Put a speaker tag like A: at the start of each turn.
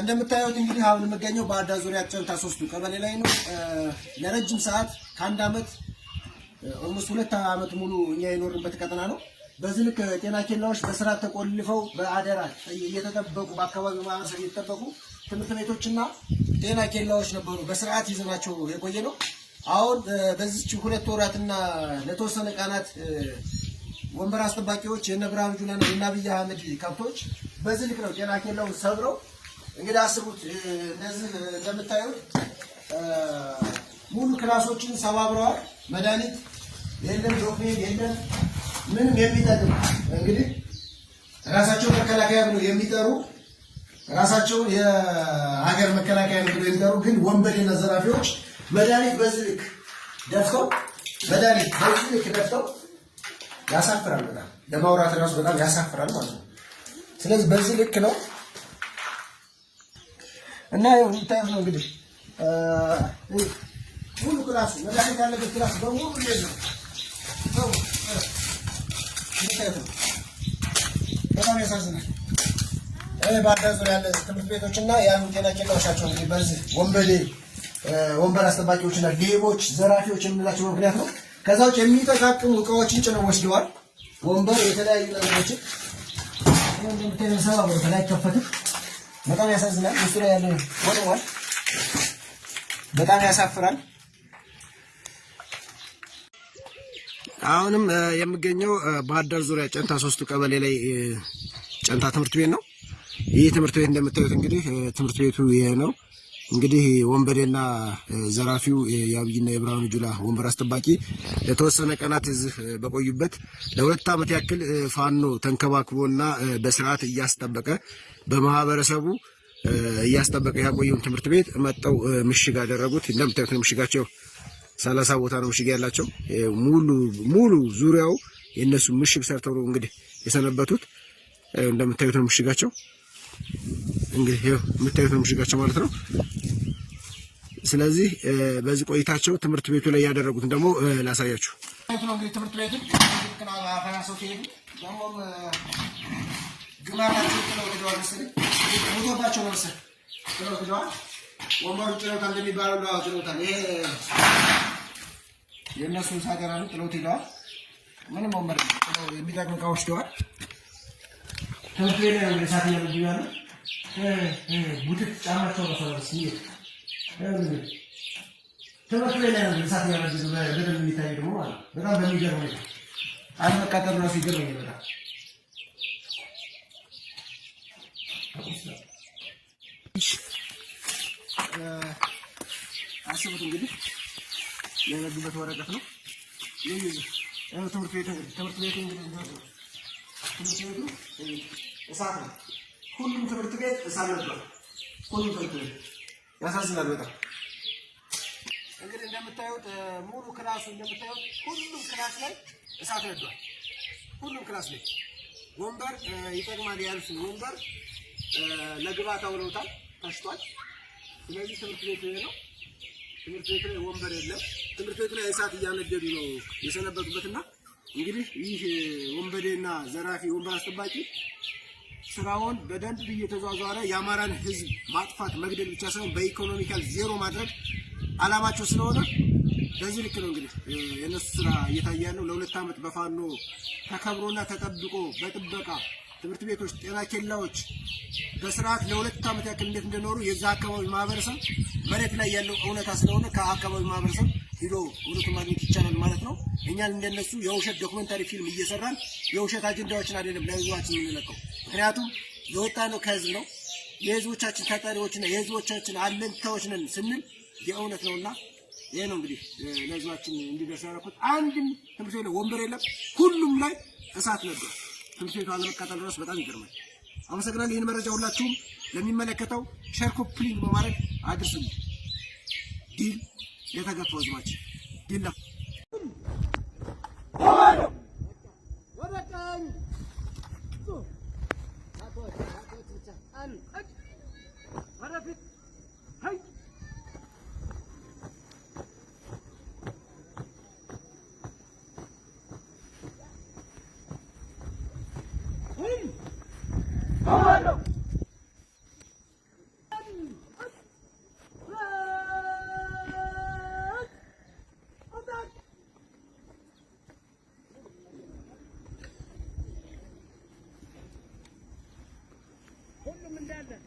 A: እንደምታዩት እንግዲህ አሁን የምገኘው ባህርዳር ዙሪያ ጨልታ ሶስቱ ቀበሌ ላይ ነው። ለረጅም ሰዓት ከአንድ አመት ኦልሞስት ሁለት ዓመት ሙሉ እኛ የኖርንበት ቀጠና ነው። በዚህ ልክ ጤና ኬላዎች በስርዓት ተቆልፈው በአደራ እየተጠበቁ በአካባቢው ማህበረሰብ እየተጠበቁ ትምህርት ቤቶችና ጤና ኬላዎች ነበሩ። በስርዓት ይዘናቸው የቆየ ነው። አሁን በዚች ሁለት ወራትና ለተወሰነ ቀናት ወንበር አስጠባቂዎች የነ ብርሃኑ ጁላና የነ አብይ አህመድ ከብቶች በዚህ ልክ ነው ጤና ኬላውን ሰብረው እንግዲህ አስቡት እነዚህ እንደምታዩት ሙሉ ክላሶችን ሰባብረዋል። መድኃኒት የለም፣ ዶክሜንት የለም፣ ምንም የሚጠቅም እንግዲህ ራሳቸውን መከላከያ ብሎ የሚጠሩ ራሳቸውን የሀገር መከላከያ ብሎ የሚጠሩ ግን ወንበዴና ዘራፊዎች መድኃኒት በዚህ ልክ ደፍተው መድኃኒት በዚህ ልክ ደፍተው ያሳፍራል። በጣም ለማውራት ራሱ በጣም ያሳፍራል ማለት ነው። ስለዚህ በዚህ ልክ ነው እና የምታዩት ነው እንግዲህ ሙሉ ክላሱ መድኃኒት ያለበት ክላስ በሙሉ እንዴት ነው ነው። በጣም ያሳዝናል። በአዳር ዙሪያ ያለ ትምህርት ቤቶች እና ያሉ ጤና ኬላዎች እንግዲህ በዚህ ወንበዴ ወንበር አስጠባቂዎች እና ሌቦች፣ ዘራፊዎች የምንላቸው ምክንያት ነው። ከዛ ውጭ የሚጠቃቅሙ እቃዎችን ጭነው ወስደዋል። ወንበር፣ የተለያዩ ነገሮችን እንደምታይ ሰባ ቦታ ላይ አይከፈትም በጣም ያሳዝናል። ውስጡ ላይ ያለው ወድሟል። በጣም ያሳፍራል። አሁንም የምገኘው ባህር ዳር ዙሪያ ጨንታ ሶስቱ ቀበሌ ላይ ጨንታ ትምህርት ቤት ነው። ይህ ትምህርት ቤት እንደምታዩት እንግዲህ ትምህርት ቤቱ ይሄ ነው። እንግዲህ ወንበዴና ዘራፊው የአብይና የብርሃኑ ጁላ ወንበር አስጠባቂ ለተወሰነ ቀናት እዚህ በቆዩበት ለሁለት ዓመት ያክል ፋኖ ተንከባክቦና በስርዓት እያስጠበቀ በማህበረሰቡ እያስጠበቀ ያቆየውን ትምህርት ቤት መጠው ምሽግ አደረጉት። እንደምታዩት ነው ምሽጋቸው። ሰላሳ ቦታ ነው ምሽግ ያላቸው። ሙሉ ሙሉ ዙሪያው የእነሱ ምሽግ ሰርተው ነው እንግዲህ የሰነበቱት። እንደምታዩት ነው ምሽጋቸው። እንግዲህ ይኸው የምታዩት ነው ምሽጋቸው ማለት ነው። ስለዚህ በዚህ ቆይታቸው ትምህርት ቤቱ ላይ ያደረጉትን ደግሞ ላሳያችሁ። ትምህርት ይሄ የእነሱን ሳገራሉ ጥለውት ሄደዋል። ምንም ወንበር የሚጠቅም እቃ ወስደዋል። ትምህርት ቤት ላይ ነው እንግዲህ ሰዓት እያመግብ ቡድት ጫማቸው ነው ትምህርት ቤት ላይ ነው እንግዲህ ሰዓት በደንብ የሚታይ ደግሞ ማለት ነው። በጣም በሚገርም ሁኔታ አለመቃጠል ራሱ ይገርመኛል በጣም አስቡት እንግዲህ የመግበት ወረቀት ነው። ትምህርት ቤት ትምህርት ቤት እንግዲህ ትምህርት ቤቱ እሳት ነው። ሁሉም ትምህርት ቤት እሳት ነበር። ሁሉም ትምህርት ቤት ያሳዝናል በጣም እንግዲህ እንደምታዩት ሙሉ ክላሱ እንደምታዩት ሁሉም ክላስ ላይ እሳት ነዷል። ሁሉም ክላስ ላይ ወንበር ይጠቅማል ያሉትን ወንበር ለግባት አውለውታል፣ ተሽቷል። ስለዚህ ትምህርት ቤት ነው። ትምህርት ቤት ላይ ወንበር የለም። ትምህርት ቤት ላይ እሳት እያነደዱ ነው የሰነበቱበትና እንግዲህ ይህ ወንበዴና ዘራፊ ወንበር አስጠባቂ ስራውን በደንብ እየተዟዟረ የአማራን ህዝብ ማጥፋት መግደል ብቻ ሳይሆን በኢኮኖሚካል ዜሮ ማድረግ አላማቸው ስለሆነ በዚህ ልክ ነው እንግዲህ የነሱ ስራ እየታየ ያለው። ለሁለት ዓመት በፋኖ ተከብሮና ተጠብቆ በጥበቃ ትምህርት ቤቶች፣ ጤና ኬላዎች በስርዓት ለሁለት ዓመት ያክል እንዴት እንደኖሩ የዛ አካባቢ ማህበረሰብ መሬት ላይ ያለው እውነታ ስለሆነ ከአካባቢ ማህበረሰብ ሂዶ እውነቱን ማግኘት ይቻላል ማለት ነው። እኛን እንደነሱ የውሸት ዶክመንታሪ ፊልም እየሰራን የውሸት አጀንዳዎችን አይደለም ለህዝባችን የምንለቀው። ምክንያቱም የወጣ ነው ከህዝብ ነው። የህዝቦቻችን ታጣሪዎችና የህዝቦቻችን አለንታዎች ነን ስንል የእውነት ነውና ይሄ ነው እንግዲህ ለህዝባችን እንዲደርስ ያደረኩት። አንድም ትምህርት ቤት ወንበር የለም፣ ሁሉም ላይ እሳት ነበር። ትምህርት ቤቱ አለመቃጠል ድረስ በጣም ይገርማል። አመሰግናለሁ። ይህን መረጃ ሁላችሁም ለሚመለከተው ሸርኮ ፕሊንግ በማድረግ አድርሱልኝ። ዲል Ya está acá, muchachos. كله من ده